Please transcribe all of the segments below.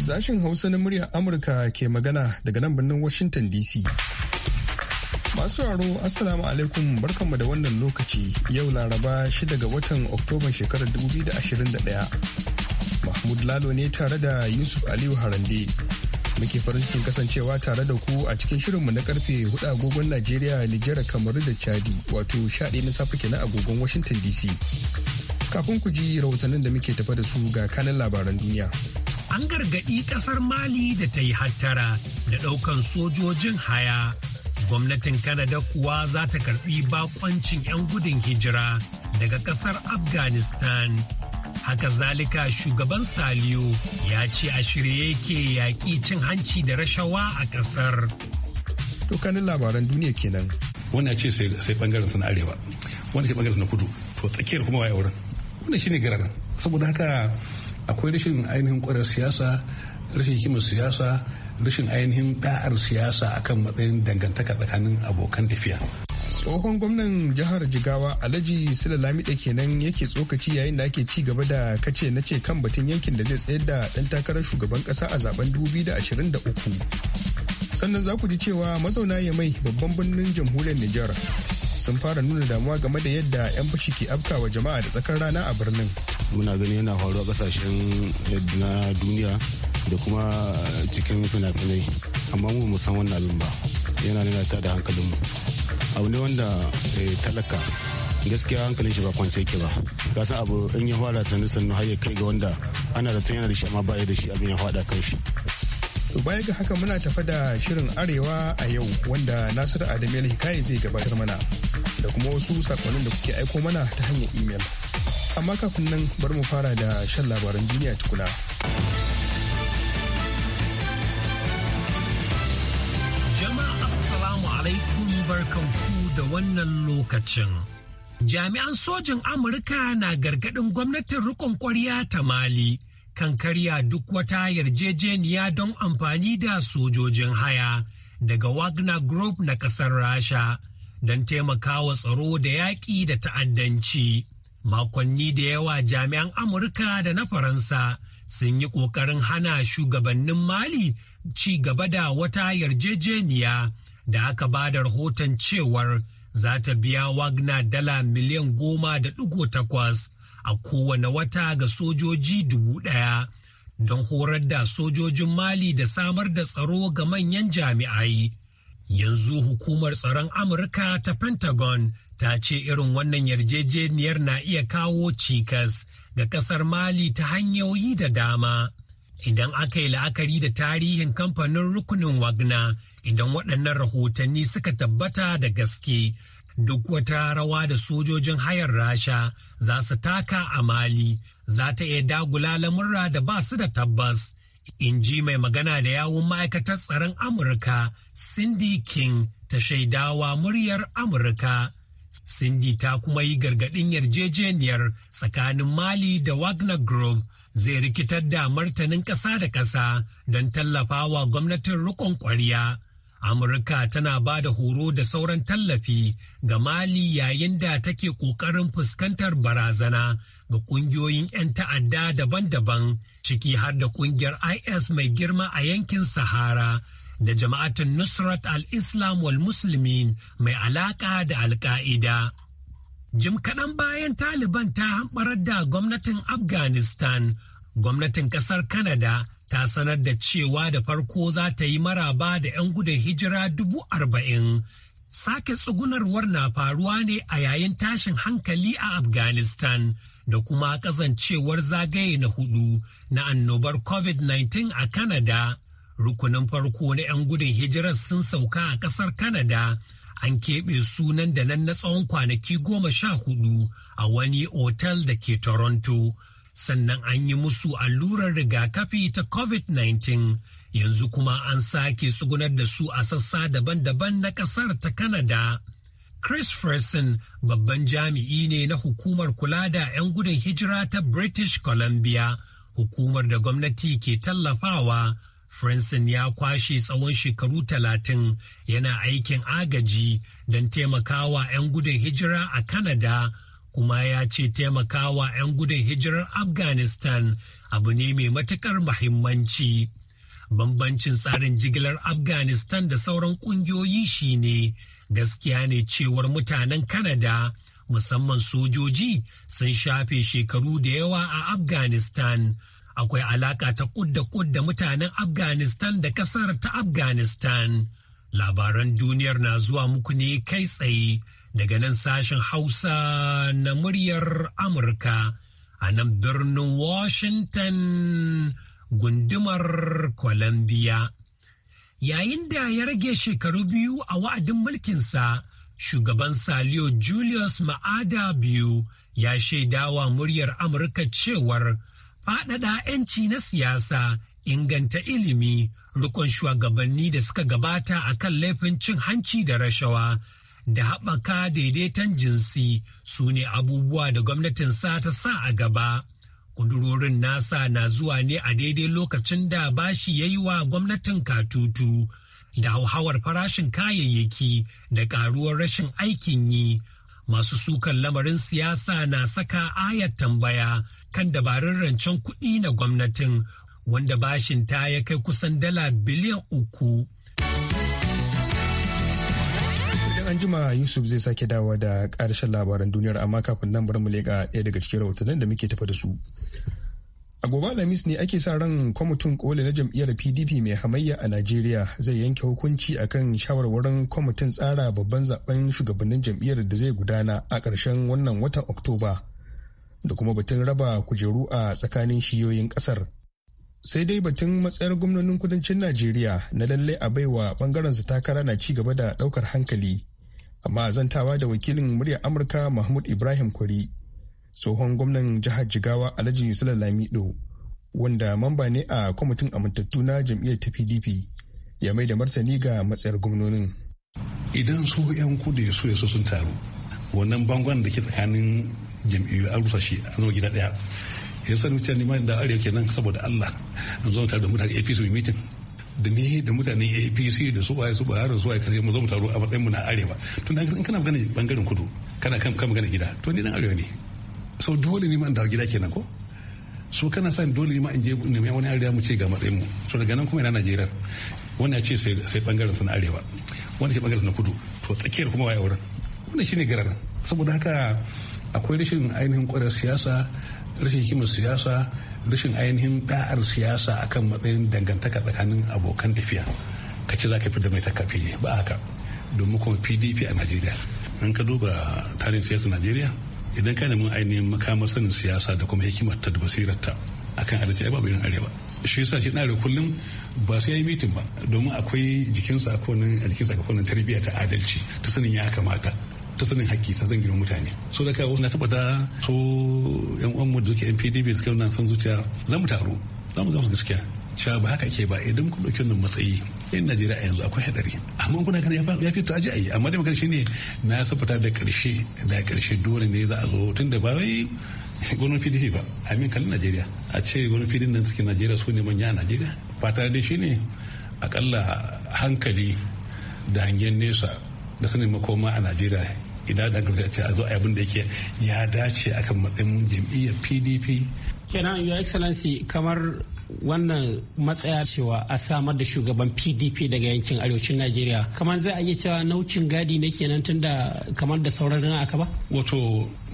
Sashen Hausa na muryar Amurka ke magana daga nan birnin Washington DC. Masu raro Assalamu alaikum barkanmu da wannan lokaci yau Laraba 6 ga watan Oktoba shekarar 2021. Mahmud Lalo ne tare da Yusuf Aliyu Harande. muke farin cikin kasancewa tare da ku a cikin shirinmu na karfe hudu agogon Najeriya, Nijar, Kamaru da Chadi, wato shaɗi na safe kenan agogon Washington DC. Kafin ku ji rahotannin da muke tafa da su ga kanan labaran duniya. An gargaɗi ƙasar Mali da ta yi hattara da ɗaukan sojojin haya. Gwamnatin Kanada kuwa za ta karɓi bakoncin 'yan gudun hijira daga ƙasar Afghanistan. Haka zalika shugaban Saliyo ya ce a shirye yake yaƙi cin hanci da rashawa a ƙasar. Dukkanin labaran duniya kenan. Wannan ce sai bangaren na arewa, wannan ce bangaren na kudu, to tsakiyar kuma waye wurin. Wannan shine gararan. Saboda haka akwai rashin ainihin kwarar siyasa, rashin hikimar siyasa, rashin ainihin da'ar siyasa akan matsayin dangantaka tsakanin abokan tafiya. tsohon gwamnan jihar jigawa alhaji sila lamida kenan yake tsokaci yayin da ake ci gaba da kace na ce kan batun yankin da zai tsayar da dan takarar shugaban kasa a zaben 2023 sannan za ku ji cewa mazauna ya mai babban birnin jamhuriyar nijar sun fara nuna damuwa game da yadda 'yan fashi ke afkawa jama'a da tsakar rana a birnin muna gani yana faruwa kasashen eh, na duniya da kuma cikin fina-finai amma mu san wannan abin ba yana nuna ta da hankalinmu abu ne wanda eh, talaka gaskiya hankalin shi ba kwance ke ba gasa san abu in ya fara sannu sannu har ya kai ga wanda ana da yana da shi amma ba da shi abin ya fada kan shi baya ga haka muna tafa da shirin arewa a yau wanda nasiru adamiyar hikaye zai gabatar mana da kuma wasu sakonnin da kuke aiko mana ta hanyar imel amma kafin nan bari mu fara da shan labaran duniya tukuna. ku da wannan lokacin. Jami'an sojin Amurka na gargaɗin gwamnatin rikon kwarya ta Mali kan karya duk wata yarjejeniya don amfani da sojojin haya daga Wagner Group na ƙasar Rasha don taimakawa tsaro da yaƙi da ta'addanci. Makonni da yawa jami'an Amurka da na Faransa sun yi ƙoƙarin hana shugabannin Mali ci gaba da wata yarjejeniya. da aka ba da rahoton cewar za ta biya Wagner dala miliyan goma da ɗigo takwas a kowane wata ga sojoji dubu ɗaya don horar da sojojin Mali da samar da tsaro ga manyan jami'ai. Yanzu hukumar tsaron Amurka ta Pentagon ta ce irin wannan yarjejeniyar na iya kawo cikas ga ƙasar Mali ta hanyoyi da dama. Idan aka yi la'akari da tarihin kamfanin rukunin Wagner idan waɗannan rahotanni suka tabbata da gaske duk wata rawa da sojojin hayar rasha za su taka a mali za ta iya dagula lamurra da ba su da tabbas in ji mai magana da yawun ma'aikatar tsaron amurka cindy king ta shaidawa muryar amurka cindy ta kuma yi gargaɗin yarjejeniyar tsakanin mali da wagner group zai rikitar da martanin ƙasa da ƙasa don tallafawa gwamnatin rikon ƙwarya Amurka tana ba da horo da sauran tallafi ga Mali yayin da take ƙoƙarin fuskantar barazana ga ƙungiyoyin 'yan ta'adda daban-daban ciki har da ƙungiyar IS mai girma a yankin Sahara da jama'atin Nusrat al-Islam wal Muslimin mai alaƙa da Al-Qa'ida. Jim kaɗan bayan Taliban ta hamɓarar da gwamnatin Afghanistan, gwamnatin ƙasar Kanada. ta sanar da cewa da farko za ta yi maraba da 'yan gudun hijira dubu arba'in. Sake tsugunarwar na faruwa ne a yayin tashin hankali a Afghanistan da kuma kazancewar zagaye na hudu na annobar COVID-19 a Canada. Rukunin farko na 'yan gudun hijirar sun sauka a ƙasar Canada. An keɓe sunan da nan na tsawon kwanaki goma sha hudu a wani otal da ke Toronto. sannan an yi musu allurar rigakafi ta covid-19 yanzu kuma an sake tsugunar da su a sassa daban-daban na kasar ta Canada. Chris Ferson babban jami'i ne na hukumar kula da 'yan gudun hijira ta British Columbia, hukumar da gwamnati ke tallafawa. Frenson ya kwashe tsawon shekaru talatin yana aikin agaji don taimakawa 'yan gudun hijira a Canada. kuma ya ce taimakawa 'yan gudun hijirar afghanistan abu ne mai matukar muhimmanci. bambancin tsarin jigilar afghanistan da sauran kungiyoyi shine gaskiya ne cewar mutanen Kanada, musamman sojoji sun shafe shekaru da yawa a afghanistan akwai alaka ta kudda da mutanen afghanistan da ƙasar ta afghanistan labaran duniyar na zuwa muku ne kai tsaye daga nan sashen Hausa na muryar Amurka a nan birnin Washington gundumar Columbia. Yayin da ya rage shekaru biyu a wa'adin mulkinsa, shugaban Saliyo Julius Ma'ada biyu ya shaidawa muryar Amurka cewar faɗaɗa 'yanci na siyasa inganta ilimi rikon shugabanni da suka gabata a kan laifin cin hanci da rashawa da haɓaka daidaiton jinsi su ne abubuwa da gwamnatinsa ta sa a gaba. Kudurorin nasa na zuwa ne a daidai lokacin da bashi ya yi wa gwamnatin katutu da hauhawar farashin kayayyaki da ƙaruwar rashin aikin yi. Masu sukan lamarin siyasa na saka ayar tambaya kan dabarun rancen kuɗi na gwamnatin wanda bashin ta ya kai kusan dala biliyan uku. an jima Yusuf zai sake dawa da karshen labaran duniyar amma kafin nan bari mu leƙa ɗaya daga cikin rahotannin da muke tafa da su. A gobe Alhamis ne ake sa ran kwamitin koli na jam'iyyar PDP mai hamayya a Najeriya zai yanke hukunci akan shawarwarin kwamitin tsara babban zaben shugabannin jam'iyyar da zai gudana a ƙarshen wannan watan Oktoba da kuma batun raba kujeru a tsakanin shiyoyin ƙasar. sai dai batun matsayar gwamnonin kudancin najeriya na lallai a baiwa bangaren su takara na ci gaba da daukar hankali amma zantawa da wakilin muryar amurka mahmud ibrahim kwari tsohon gwamnan jihar jigawa alhaji sula lamido wanda mamba ne a kwamitin amintattu na jam'iyyar ta pdp ya mai da martani ga matsayar gwamnonin idan su yan kudu ya so sun taru wannan bangon da ke tsakanin jam'iyyu an rusa shi an zama gida daya ya sani mutane ma da arewa kenan saboda allah an zo tare da mutane apc meeting da ni da mutanen apc da su waye su ba har su waye kare mu zo mu taro a matsayin mu na arewa to in kana magana bangaren kudu kana kan kan magana gida to ni dan arewa ne so dole ne ma in dawo gida kenan ko so kana sa dole ne ma in je neman wani arewa mu ce ga matsayin mu so daga nan kuma ina najeriya Wani ya ce sai sai bangaren su na arewa wanda ke bangaren su na kudu to tsakiyar kuma waye wurin wannan shine garan saboda haka akwai rashin ainihin kwarar siyasa rashin hikimar siyasa rashin ainihin da'ar siyasa akan matsayin dangantaka tsakanin abokan tafiya ka ce za ka fi da mai takafi ne ba haka domin kuma pdp a najeriya in ka duba tarihin siyasa najeriya idan ka nemi ainihin makamar sanin siyasa da kuma ta da basirarta akan arewa babu yin arewa shi yasa shi ɗare kullum ba sai ya yi mitin ba domin akwai jikinsa a kowane a jikinsa a kowane tarbiyya ta adalci ta sanin ya kamata ta sanin haƙƙi ta zan girma mutane so da kawo wasu na tabbata so yan mu da suke NPD pdp suka nan sun zuciya Zan mu taru Zan mu zama gaskiya cewa ba haka ke ba idan kun ɗauki wannan matsayi yan najeriya a yanzu akwai haɗari amma kuna ganin ya fito aji a yi amma dai magana shine na safata da ƙarshe da ƙarshe dole ne za a zo tun da ba wai pdp ba a min najeriya a ce gwamnan pdp nan suke najeriya su ne manya a najeriya fata dai shine akalla hankali da hangen nesa da sanin makoma a najeriya idan da gwamnati ce a zo abin da yake ya dace a akan matsayin jam'iyyar pdp kenan your excellency kamar wannan matsaya cewa a samar da shugaban pdp daga yankin arewacin najeriya kamar zai iya cewa naucin gadi ne kenan tun da kamar da sauran aka ba wato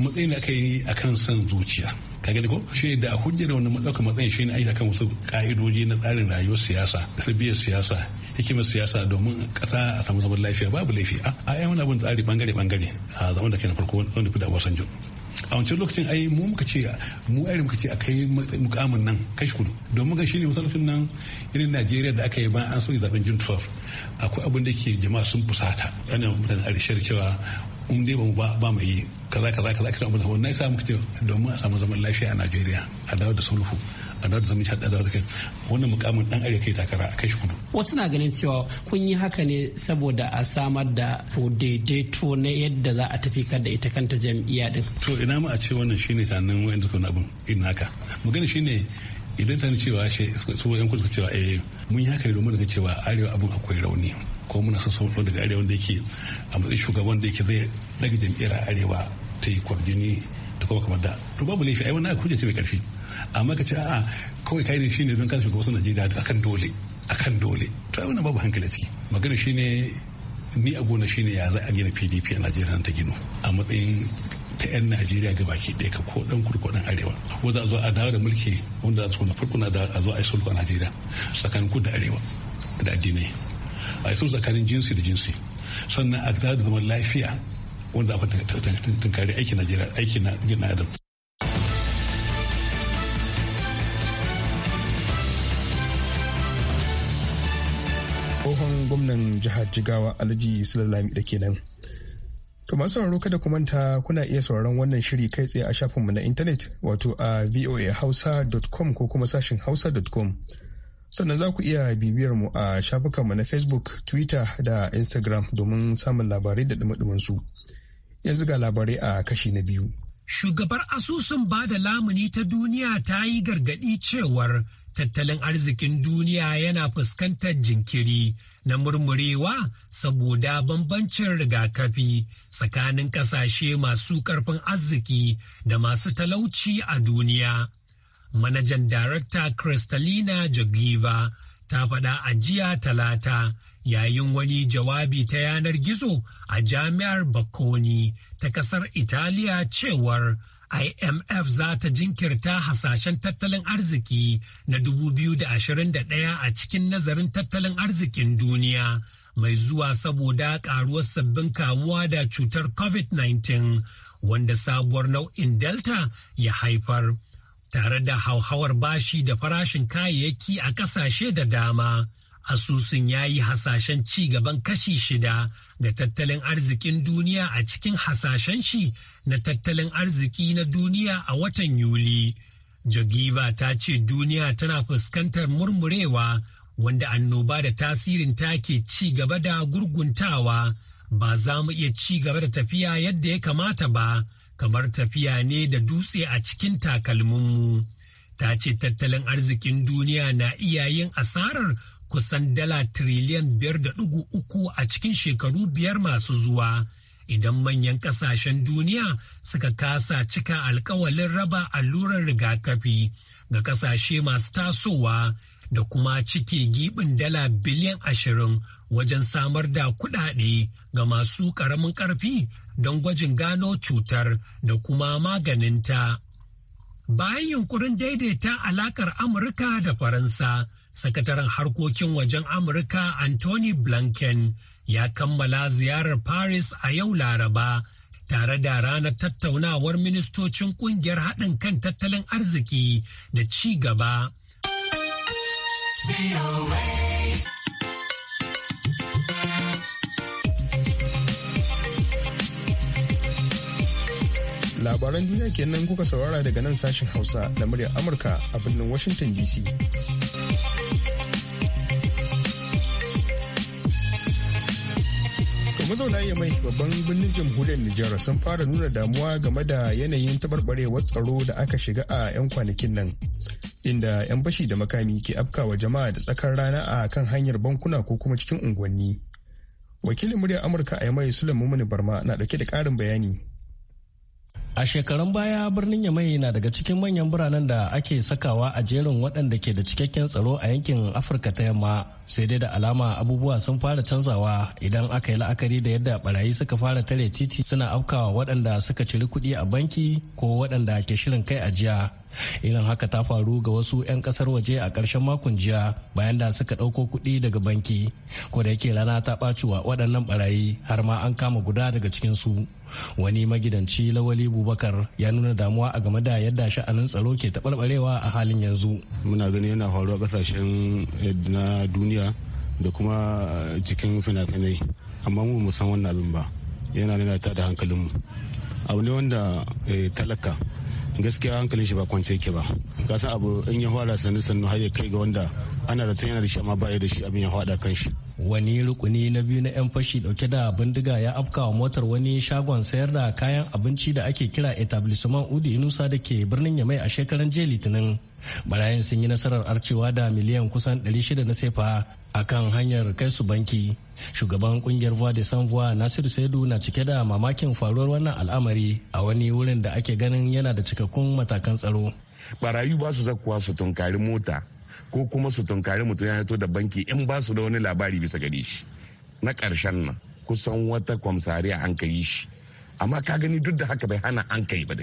matsayin da aka yi akan son zuciya ka gani ko shi da hujjar wani matsauka matsayin shi ne aiki kan wasu ka'idoji na tsarin rayuwar siyasa tarbiyyar siyasa hikimar siyasa domin kasa a samu zaman lafiya babu laifi a yi wani abin tsari bangare bangare a zaman da ke na farko wani fi da wasanjo a wancan lokacin ai mu muka ce mu ai muka ce a kai mukamin nan kashi kudu domin ga shine masallacin nan irin Najeriya da aka yi ba an so zaben jin tufaf akwai abin da ke jama'a sun fusata ana mutane a rishar cewa in dai ba mu ba ba yi kaza kaza kaza kaza da wannan yasa muke ce domin a samu zaman lafiya a Najeriya a dawo da sulhu a dawo da zaman shaɗa da kai wannan mukamin dan arewa kai takara a kashi kudu wasu na ganin cewa kun yi haka ne saboda a samar da to daidaito na yadda za a tafi da ita kanta jam'iyya din to ina ma a ce wannan shine tanan wayan da kuma abin in haka magana shine idan ta cewa shi su wayan kudu cewa eh mun yi haka ne domin da cewa arewa abin akwai rauni ko muna son sauko daga arewa da yake a matsayin shugaban da yake zai daga jam'iyyar arewa ta yi kwarjini ta kuma kamar da to babu laifi ai wani a kuje ce mai karfi amma ka ce a'a kawai kai ne shine don kasa shugaban Najeriya da akan dole akan dole to ai wannan babu hankali ciki magana shine ni a gona shine ya za a gina PDP a Najeriya ta gino a matsayin ta 'yan najeriya ga baki ɗaya ka ko ɗan kudu ko ɗan arewa za a zo a dawo da mulki wanda za su na farko na a zo a yi sulhu a najeriya tsakanin kudu da arewa da addinai a yi tsakanin jinsi da jinsi sannan a da zaman lafiya wanda a tunkari aikin najeriya aikin na adam tsohon gwamnan jihar jigawa alhaji sulalami da kenan to masu sauraro kada ku manta kuna iya sauraron wannan shiri kai tsaye a shafinmu na intanet wato a voahausa.com ko kuma sashin hausa.com sannan za ku iya bibiyar mu a shafukanmu na facebook twitter da instagram domin samun labarai da dumadumin su yanzu ga labarai a kashi na biyu shugabar asusun ba da lamuni ta duniya ta yi gargadi cewar tattalin arzikin duniya yana fuskantar jinkiri na murmurewa saboda bambancin rigakafi tsakanin kasashe masu karfin arziki da masu talauci a duniya Manajan Darakta Kristalina Jogiva ta faɗa a jiya talata yayin wani jawabi ta yanar gizo a jami'ar bakoni ta ƙasar Italiya cewar IMF za ta jinkirta hasashen tattalin arziki na 2021 a cikin nazarin tattalin arzikin duniya mai zuwa saboda karuwar sabbin kamuwa da cutar COVID-19 wanda sabuwar nau'in Delta ya haifar. tare da hauhawar bashi da farashin kayayyaki a ƙasashe da dama. Asusun ya yi hasashen ci gaban kashi shida ga tattalin arzikin duniya a cikin hasashen shi na tattalin arziki na duniya a watan Yuli. jogiva ta ce duniya tana fuskantar murmurewa wanda annoba da tasirin ta ke ci gaba da gurguntawa ba za mu iya ci gaba da tafiya yadda ya kamata ba kamar tafiya ne da dutse a cikin takalminmu. Ta ce tattalin arzikin duniya na iya yin asarar kusan dala tiriliyan biyar da ɗigo uku a cikin shekaru biyar masu zuwa. Idan manyan ƙasashen duniya suka kasa cika alkawalin raba allurar rigakafi ga ƙasashe masu tasowa da kuma cike giɓin dala biliyan ashirin wajen samar da kuɗaɗe ga masu ƙaramin ƙarfi don gwajin gano cutar da kuma maganinta. Bayan yunkurin daidaita alakar Amurka da Faransa, sakataren harkokin wajen Amurka Anthony Blinken ya kammala ziyarar Paris a yau Laraba. tare da ranar tattaunawar ministocin kungiyar haɗin kan tattalin arziki da ci gaba. labaran duniya kenan kuka saurara daga nan sashen hausa da muryar amurka a birnin washington dc mazauna yamai babban birnin jamhuriyar nijar sun fara nuna damuwa game da yanayin tabarbarewar tsaro da aka shiga a 'yan kwanakin nan inda 'yan bashi da makami ke afkawa jama'a da tsakar rana a kan hanyar bankuna ko kuma cikin unguwanni wakilin muryar amurka a yamai sulan mumuni barma na dauke da ƙarin bayani A shekarun baya birnin Yamai na daga cikin manyan biranen da ake sakawa a jerin waɗanda ke da cikakken tsaro a yankin Afirka ta yamma sai dai da alama abubuwa sun fara canzawa idan aka yi la'akari da yadda barayi suka fara tare titi suna afkawa waɗanda suka ciri kuɗi a banki ko waɗanda ke shirin kai ajiya irin haka ta faru ga wasu 'yan kasar waje a ƙarshen makon jiya bayan da suka ɗauko kuɗi daga banki ko da yake rana ta ɓacewa waɗannan barayi har ma an kama guda daga cikin su wani magidanci lawali bubakar ya nuna damuwa a game da yadda sha'anin tsaro ke taɓarɓarewa a halin yanzu muna ganin yana faruwa ƙasashen eh, na duniya da kuma eh, cikin fina-finai amma mu san wannan abin ba yana nuna ta da hankalinmu abu ne wanda eh, talaka gaskiya hankalin shi ba kwance yake ba ga san abu in ya hwada sannu sannu har ya kai ga wanda ana zaton yana da shi amma ba ya da shi abin ya hwada kan shi wani rukuni na biyu na 'yan fashi dauke da bindiga ya afkawa motar wani shagon sayar da kayan abinci da ake kira etablissement udi inusa da ke birnin yamai a shekaran jiya litinin barayin sun yi nasarar arcewa da miliyan kusan 600 na sefa akan hanyar kai su banki shugaban kungiyar voix de sans voix nasiru saidu na cike da mamakin faruwar wannan al'amari a wani wurin da ake ganin yana da cikakkun matakan tsaro barayu ba su zakuwa su tunkari mota ko kuma su tunkari mutum ya hito da banki in ba su da wani labari bisa gare shi na karshen nan kusan wata kwamsari an kai shi amma ka gani duk da haka bai hana an kai ba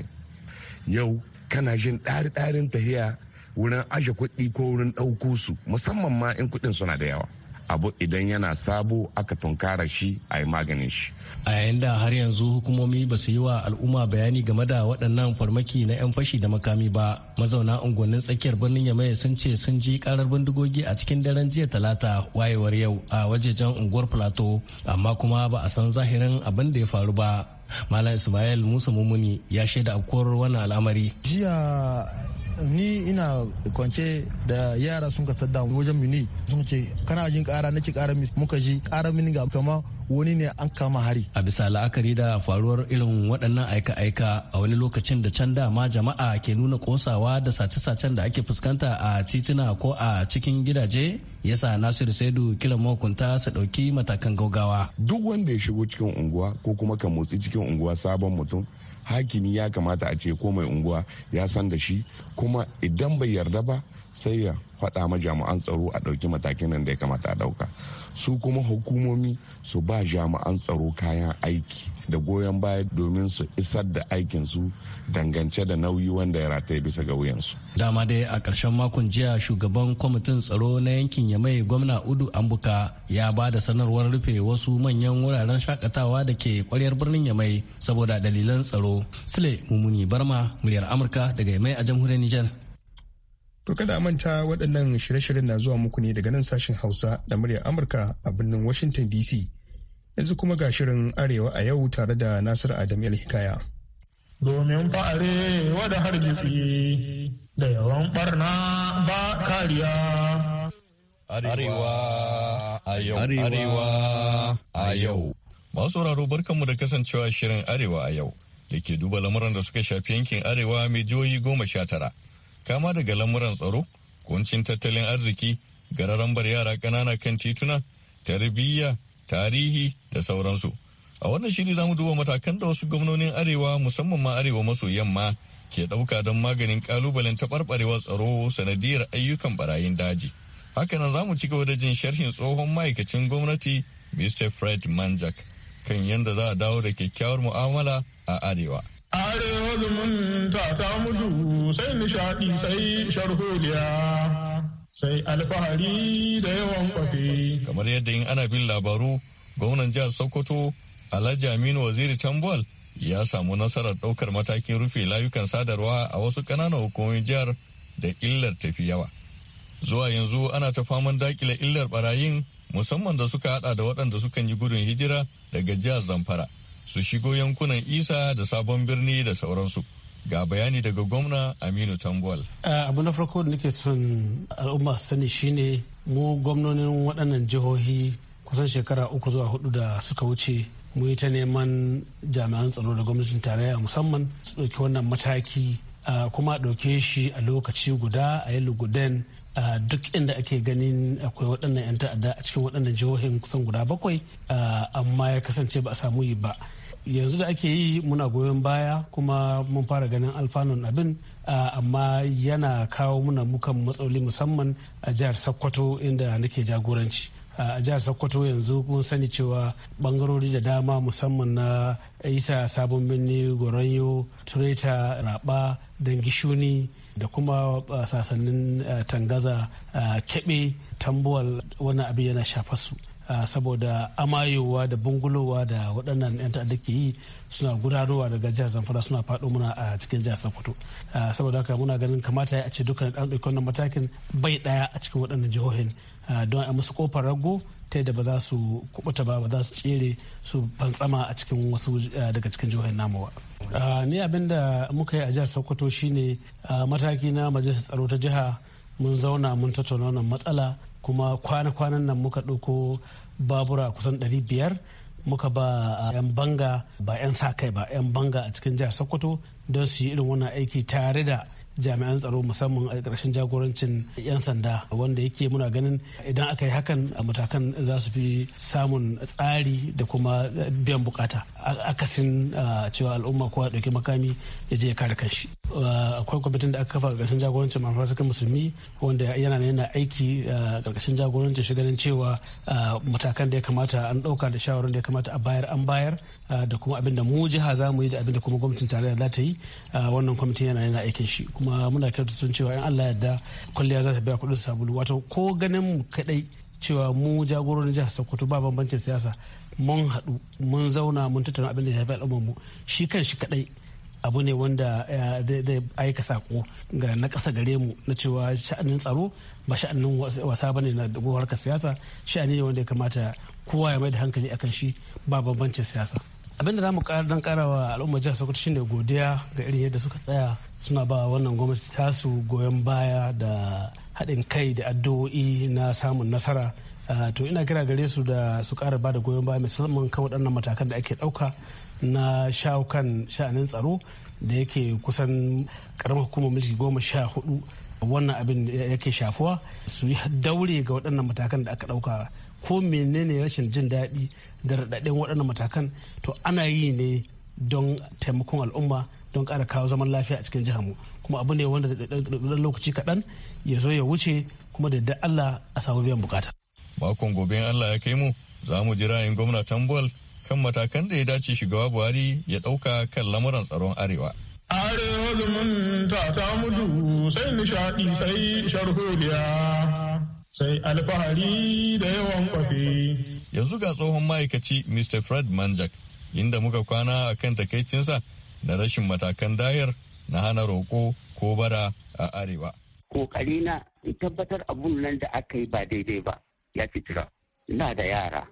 yau kana jin ɗari-ɗarin tahiya wurin aje kuɗi ko wurin ɗauko su musamman ma in kuɗin suna da yawa abu idan yana sabo aka tunkara shi a yi maganin shi a yayin da har yanzu hukumomi ba su yi wa al'umma bayani game da waɗannan farmaki na 'yan fashi da makami ba mazauna unguwannin tsakiyar birnin yamai sun ce sun ji karar bindigogi a cikin daren jiya talata wayewar yau a wajejen unguwar plateau amma kuma ba a san zahirin abin da ya faru ba malam ismail musa mumuni ya shaida akwai wannan al'amari jiya ni ina kwance da yara sun ka tadda wajen mini sun ce kana jin kara nake kara muka ji kara mini ga kama wani ne an kama hari. A bisa la'akari da faruwar irin waɗannan aika-aika a wani lokacin da can dama jama'a ke nuna kosawa da sace-sacen da ake fuskanta a tituna ko a cikin gidaje yasa Nasiru Saidu kiran mahukunta su ɗauki matakan gaugawa. Duk wanda ya shigo cikin unguwa ko kuma ka motsi cikin unguwa sabon mutum hakimi ya kamata a ce ko mai unguwa ya san da shi kuma idan bai yarda ba sai ya faɗa ma jami'an tsaro a ɗauki matakin nan da ya kamata a ɗauka su kuma hukumomi su ba jami'an tsaro kayan aiki da goyon baya domin su isar da aikinsu dangance da nauyi wanda ya rataye bisa ga wuyansu. Dama dai a ƙarshen makon jiya shugaban kwamitin tsaro na yankin Yamai gwamna Udu Ambuka ya ba da sanarwar rufe wasu manyan wuraren shakatawa da ke kwaryar birnin Yamai saboda dalilan tsaro. sile Mumuni Barma, muryar Amurka daga Yamai a jamhuriyar Nijar. To kada manta waɗannan shirye-shiryen na zuwa muku ne daga nan sashen Hausa da muryar Amurka a birnin Washington DC. Yanzu kuma ga shirin Arewa a yau tare da Nasir Adam El Hikaya. Domin fa'are wada hargitsi da yawan barna ba kariya. Arewa a yau. Arewa a yau. Masu sauraro barkanmu da kasancewa shirin Arewa a yau da ke duba lamuran da suka shafi yankin Arewa mai jihohi goma sha tara. kama daga lamuran tsaro kuncin tattalin arziki gararambar yara ƙanana kan tituna tarbiyya tarihi da sauransu a wannan shiri za mu duba matakan da wasu gwamnonin arewa musamman ma arewa maso yamma ke ɗauka don maganin ƙalubalen taɓarɓarewar tsaro sanadiyar ayyukan barayin daji hakanan za mu ci gaba da jin sharhin tsohon ma'aikacin gwamnati mr fred manjak kan yadda za a dawo da kyakkyawar mu'amala a arewa Arewa zumunta ta mutu sai nishadi sai sharholiya. sai alfahari da yawan kwafe. Kamar yadda yin ana bin labaru, gwamnan jihar Sokoto Alhaji Aminu Waziri Tambol ya samu nasarar daukar matakin rufe layukan sadarwa a wasu kananan hukumomin jihar da illar tafi yawa. Zuwa yanzu ana ta faman dakile illar barayin musamman da suka hada da waɗanda sukan yi gudun hijira daga jihar Zamfara. su shigo yankunan isa da sabon birni da sauransu ga bayani daga gwamna aminu tambuwal eh, abu na farko da nake son al'umma su sani shine mu gwamnonin waɗannan jihohi kusan shekara uku zuwa hudu da suka wuce mu yi ta neman jami'an tsaro da gwamnatin tarayya musamman su ɗauki wannan mataki kuma ɗauke shi a lokaci guda a yi lugudan duk inda ake ganin akwai waɗannan 'yan ta'adda a cikin waɗannan jihohin kusan guda bakwai amma ya kasance ba a samu yi ba yanzu da ake yi muna goyon baya kuma mun fara ganin alfanun abin amma yana kawo muna mukan matsaloli musamman a jihar sokoto inda nake jagoranci a jihar sokoto yanzu mun sani cewa bangarori da dama musamman na isa sabon birni goronyo tureta raba dangishuni da kuma sasannin tangaza kebe tambuwal wani abin yana shafar su saboda amayowa da bungulowa da waɗannan 'yan ta'adda ke yi suna gudanarwa daga jihar zamfara suna faɗo muna a cikin jihar sokoto saboda haka muna ganin kamata ya ce dukkan ɗan ɗauki wannan matakin bai ɗaya a cikin waɗannan jihohin don a musu kofar rago ta yadda ba za su kubuta ba ba za su tsere su fantsama a cikin wasu daga cikin jihohin namu ba ni abin da muka yi a jihar sokoto shine mataki na majalisar tsaro ta jiha mun zauna mun tattauna wannan matsala kuma kwana-kwanan nan muka ɗauko babura kusan 500 muka ba ah, 'yan banga ba 'yan sa kai ba 'yan banga a cikin jihar sokoto don su yi irin wannan aiki tare da jami'an tsaro musamman a ƙarshen jagorancin 'yan sanda wanda yake muna ganin idan aka yi hakan a matakan za su fi samun tsari da kuma biyan bukata akasin cewa al'umma kowa ɗauki makami ya je ya kare kanshi akwai kwamitin da aka kafa a ƙarshen jagorancin mafarsakin musulmi wanda yana yana aiki a ƙarƙashin jagorancin shi ganin cewa matakan da ya kamata an ɗauka da shawarar da ya kamata a bayar an bayar Ah, da kuma abin da mu jiha za mu yi da abin da kuma gwamnatin tarayya za ta yi ah, wannan kwamitin yana yin aikin shi kuma muna kyautu sun cewa in Allah yarda kwalliya za ta biya kuɗin sabulu wato ko ganin mu kadai cewa mu jagoran jihar Sokoto ba bambancin siyasa mun haɗu mun zauna mun tattauna abin da ya shafi al'ummar mu shi kan shi kadai abu ne wanda ah, zai aika sako ga na ƙasa gare mu na cewa sha'anin tsaro ba sha'anin wasa ba ne na harka siyasa sha'ani ne wanda ya kamata kowa ya mai da hankali akan shi ba bambancin siyasa. abin da za mu dan wa al'umma jihar sokoto shine godiya ga irin yadda suka tsaya suna ba wannan gwamnati tasu goyon baya da haɗin kai da addu'o'i na samun nasara to ina kira gare su da su ƙara ba da goyon baya musamman kan waɗannan matakan da ake ɗauka na shawo sha'anin tsaro da yake kusan ƙaramar hukumar mulki goma sha hudu wannan abin yake shafuwa su yi daure ga waɗannan matakan da aka ɗauka ko menene rashin jin daɗi da raɗaɗɗen waɗannan matakan to ana yi ne don taimakon al'umma don ƙara kawo zaman lafiya a cikin jihar mu kuma abu ne wanda zai ɗan lokaci kaɗan ya zo ya wuce kuma da da Allah a samu biyan bukata. Makon gobe Allah ya kai mu za mu jira in gwamna Tambol kan matakan da ya dace shugaba Buhari ya ɗauka kan lamuran tsaron Arewa. Arewa zumunta ta mutu sai nishaɗi sai sharholiya sai alfahari da yawan kwafi. yanzu ga tsohon ma'aikaci mr fred manjak inda muka kwana a kan takaicinsa na rashin matakan dayar na hana roƙo ko bara a arewa kokari na in tabbatar abun nan da aka yi ba daidai ba ya fitira ina da yara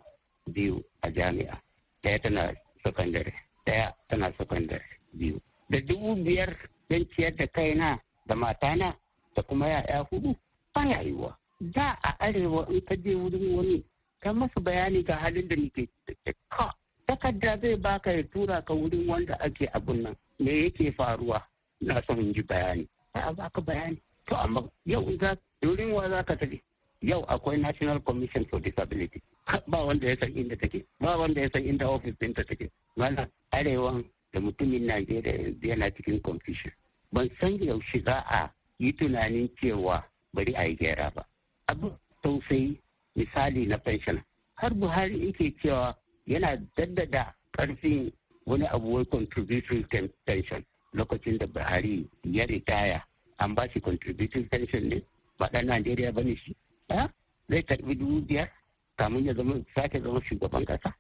biyu a jami'a daya tana sakandare daya tana sakandare biyu da dubu biyar don ciyar da kaina da matana da kuma ya'ya hudu ba ya da a arewa in ka je wurin wani Kan masa bayani ga halin da nake ka takarda zai baka ya tura ka wurin wanda ake abun nan me yake faruwa na son in ji bayani a baka bayani to amma yau za wurin wa za ka tafi yau akwai national commission for disability ba wanda ya san inda take ba wanda ya san inda office ɗinta take wannan arewan da mutumin najeriya yanzu yana cikin confusion ban san yaushe za a yi tunanin cewa bari a yi gera ba abin tausayi misali na fenshin har buhari yake cewa yana daddada karfin wani abu contributory pension lokacin da buhari ya ritaya an ba shi contributory pension ne ba dan najeriya ba ne shi zai karbi dubu biyar kamun ya zama sake zama shugaban kasa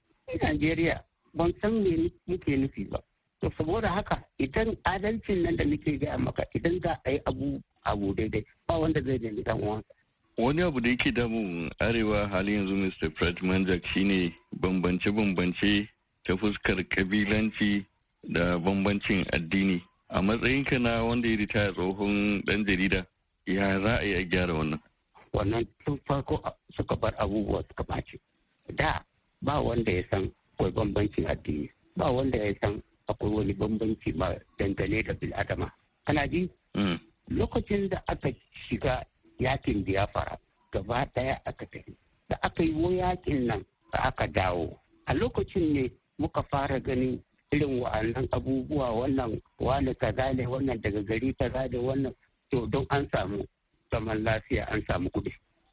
najeriya ban san me muke nufi ba to saboda haka idan adalcin nan da nake gaya maka idan za a yi abu abu daidai ba wanda zai nemi dan uwansa wani abu da yake damun arewa halin yanzu mr fred manjak shine bambance-bambance ta fuskar kabilanci da bambancin addini a matsayinka na wanda ya ritaya tsohon dan jarida ya za a yi a gyara wannan wannan tun farko suka bar abubuwa suka bace da ba wanda ya san akwai bambancin addini ba wanda ya san akwai wani bambanci ma dangane da bil'adama kana ji mm. lokacin da aka shiga yakin biyafara gaba ɗaya aka tafi da aka yi yakin nan da aka dawo a lokacin ne muka fara ganin irin wa'annan abubuwa wannan wani kaza ne wannan daga gari kaza ne wannan to don an samu zaman lafiya an samu kuɗi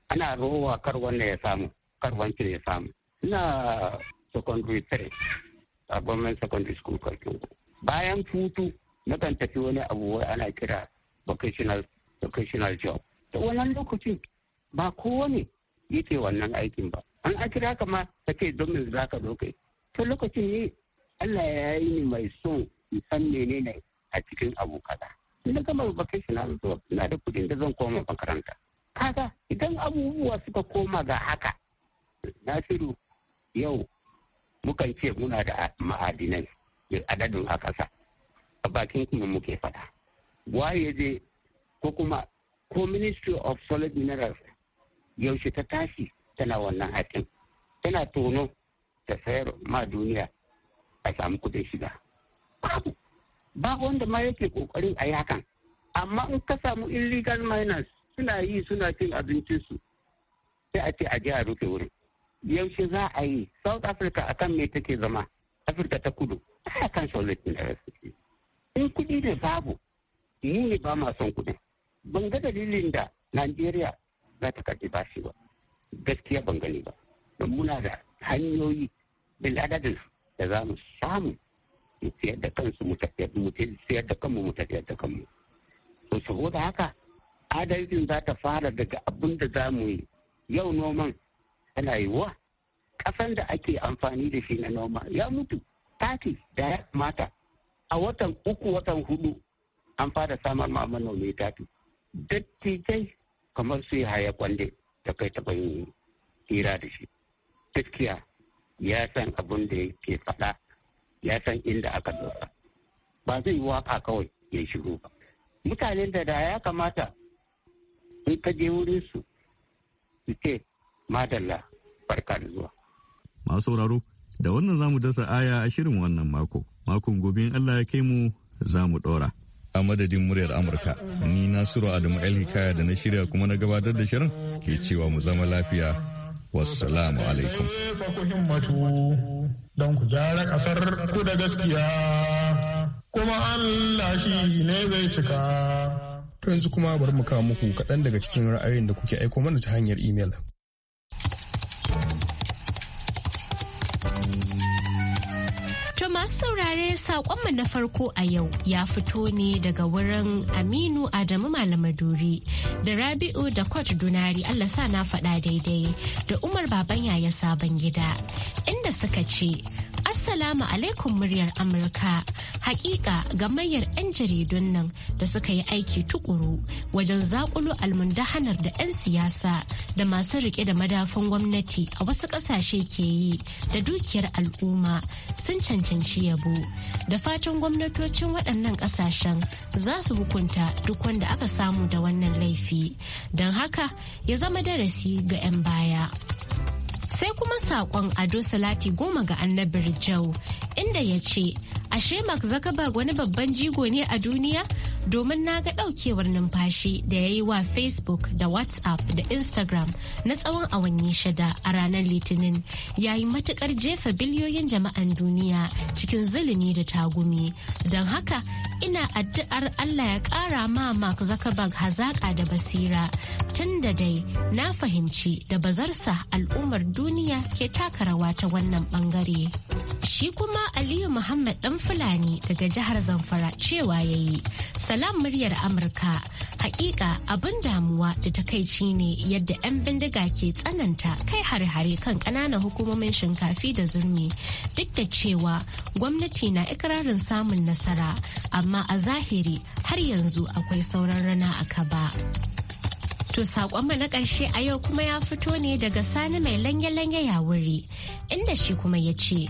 ana rowa kar wannan ya samu kar wancan ya samu ina secondary three a gwamnan secondary school kalkin bayan hutu nakan tafi wani abu ana kira vocational vocational job wannan lokacin ba kowane yake wannan aikin ba an a kira ka ma ta ce domin za ka dokai to lokacin ne Allah ya yi ni mai so in san menene a cikin abu kaza na gama shi na zo ina da kudin da zan koma makaranta kaga idan abubuwa suka koma ga haka na shiru yau mukan ce muna da ma'adinai adadin a ƙasa a bakin kuma muke fada waye je ko kuma ko ministry of solid minerals yaushe ta tashi tana wannan haƙin tana tono ta sayar ma duniya a samu kudin shiga babu ba wanda ma yake kokarin a yakan. amma in ka samu illegal miners suna yi suna cin abincinsu sai a ce a je a rufe wurin yaushe za a yi south africa akan me take zama afirka ta kudu ta kan solid minerals in kudi ne babu ni ne ba ma son kudin ban ga dalilin da najeriya za ta karɓi bashi ba gaskiya ban gani ba don muna da hanyoyi bil adadin da za mu samu mu siyar da kansu mu siyar da kanmu mu tafiyar da kanmu to saboda haka adalcin za ta fara daga abin da za mu yi yau noman tana yiwuwa ƙasan da ake amfani da shi na noma ya mutu taki da ya mata a watan uku watan hudu an fara samar ma manomi taki dattijai kamar su haya kwande da kai taɓa hira da shi gaskiya ya san abin da yake faɗa ya san inda aka dosa ba zai yi waka kawai ya shigo ba mutanen da da ya kamata in ka je wurin su su ce madalla barka da zuwa masu sauraro da wannan zamu dasa aya a shirin wannan mako makon gobe in Allah ya kai mu za mu ɗora. a madadin muryar amurka ni nasiru adamu hikaya da na shirya kuma na gabatar da shirin ke cewa mu zama lafiya wassalamu alaikum don ku gyara kasar ku da gaskiya kuma allah ne zai cika yanzu kuma bari mu kawo muku kaɗan daga cikin ra'ayoyin da kuke aiko mana ta hanyar imel. Masu saurare saƙonmu na farko a yau ya fito ne daga wurin Aminu Adamu Malamaduri da Rabi'u da Kot Dunari Allah sa na faɗa daidai da Umar Baban Yaya Sabon Gida inda suka ce Assalamu alaikum muryar Amurka. Hakika mayar 'yan jaridun nan da suka yi aiki tukuru wajen zakulu almundahanar da 'yan siyasa da masu rike da madafan gwamnati a wasu ƙasashe ke yi da dukiyar al'umma sun cancanci yabo. Da fatan gwamnatocin waɗannan ƙasashen za su hukunta duk wanda aka samu da wannan laifi. Don haka ya zama darasi ga 'yan baya. sai kuma saƙon ado salati goma ga annabi rijau inda ya ce ashe mark zuckerberg wani babban jigo ne a duniya domin na ga ɗaukewar numfashi da ya yi wa Facebook da WhatsApp da Instagram na tsawon awanni shida a ranar Litinin ya yi matukar jefa biliyoyin jama'an duniya cikin zulumi da tagumi. Don haka ina addu'ar Allah ya ƙara ma Mark Zuckerberg hazaƙa da basira tun da dai na fahimci da bazarsa al'ummar duniya ke taka rawa ta wannan bangare. Shi kuma Aliyu Muhammad ɗan Fulani daga jihar Zamfara cewa ya yi. salam muryar Amurka. Hakika abin damuwa da takaici ne yadda 'yan bindiga ke tsananta kai hare-hare kan ƙananan hukumomin shinkafi da zurmi duk da cewa gwamnati na ikirarin samun nasara amma a zahiri har yanzu akwai sauran rana a kaba. To mu na ƙarshe a yau kuma ya fito ne daga sani mai lanye-lanye ya wuri inda shi kuma ya ce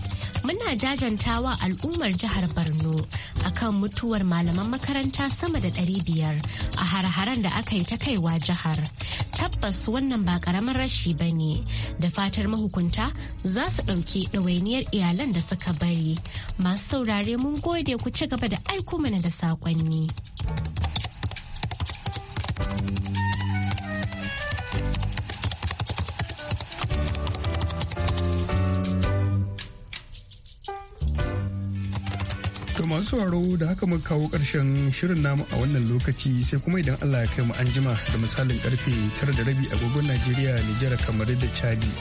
muna jajantawa al'ummar jihar Borno akan mutuwar malaman makaranta sama da ɗari biyar a har da aka yi ta kaiwa jihar. Tabbas wannan ba ƙaramin rashi ba ne da fatar mahukunta za su ɗauki ɗawainiyar iyalan da suka bari. Masu saurare mun gode ku ci gaba da aiko mana da saƙonni. masu sauraro da haka muka kawo ƙarshen shirin namu a wannan lokaci sai kuma idan Allah ya kai mu an jima da misalin karfe tara da rabi agogon Najeriya, Nijar, kamar da Chadi.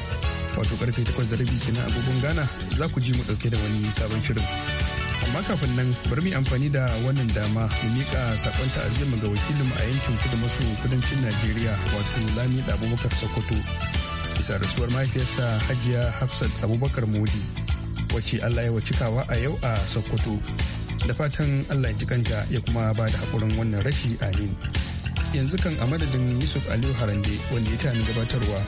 Wato karfe takwas da rabi kenan agogon Ghana za ku ji mu dauke da wani sabon shirin. Amma kafin nan bari mu amfani da wannan dama mu mika sakon ta'aziyar mu ga wakilin a yankin kudu maso kudancin Najeriya wato Lami da Abubakar Sokoto. Bisa rasuwar mahaifiyarsa Hajiya Hafsat Abubakar Modi. wace Allah ya wacikawa a yau a Sokoto. da fatan allah ji kanta ya kuma ba da haƙurin wannan rashi amin yanzu kan a madadin yusuf aliyu harande wanda ya tani gabatarwa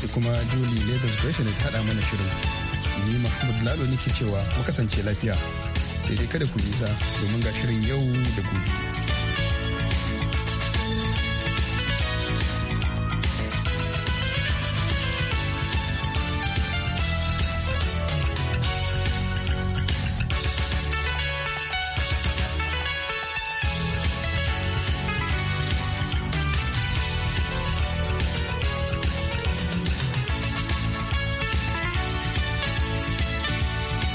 sai kuma julie leathers da ta haɗa mana shirin ni mahmud lalo nake cewa mu kasance lafiya sai dai kada ku nisa domin ga shirin yau da gobe.